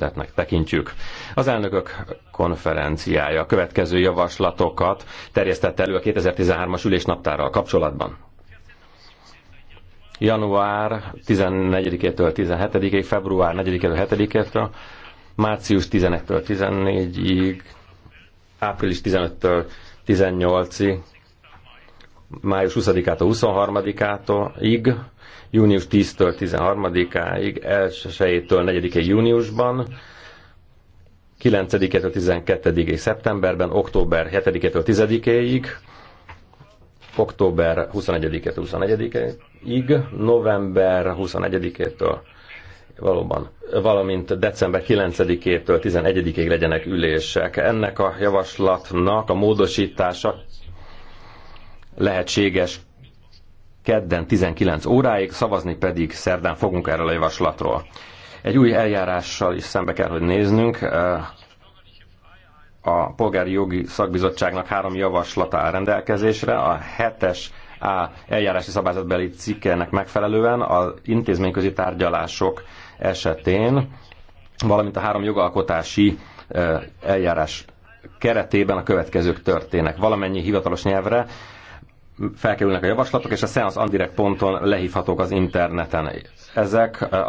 letnek tekintjük. Az elnökök konferenciája következő javaslatokat terjesztett elő a 2013-as ülésnaptárral kapcsolatban. Január 14-től 17-ig, február 4-től 7-től, március 11-től 14-ig, április 15-től 18-ig, május 20-ától 23 ától ig, június 10-től 13-áig, 1-től 4-ig júniusban, 9-től 12-ig szeptemberben, október 7-től 10-ig, október 21-től 24-ig, november 21-től valóban, valamint december 9-től 11-ig legyenek ülések. Ennek a javaslatnak a módosítása lehetséges kedden 19 óráig, szavazni pedig szerdán fogunk erről a javaslatról. Egy új eljárással is szembe kell, hogy néznünk. A Polgári Jogi Szakbizottságnak három javaslata áll rendelkezésre. A 7-es A eljárási szabályzatbeli cikkelnek megfelelően az intézményközi tárgyalások esetén, valamint a három jogalkotási eljárás keretében a következők történnek. Valamennyi hivatalos nyelvre felkerülnek a javaslatok, és a Seance Andirect ponton lehívhatók az interneten. Ezek eh, a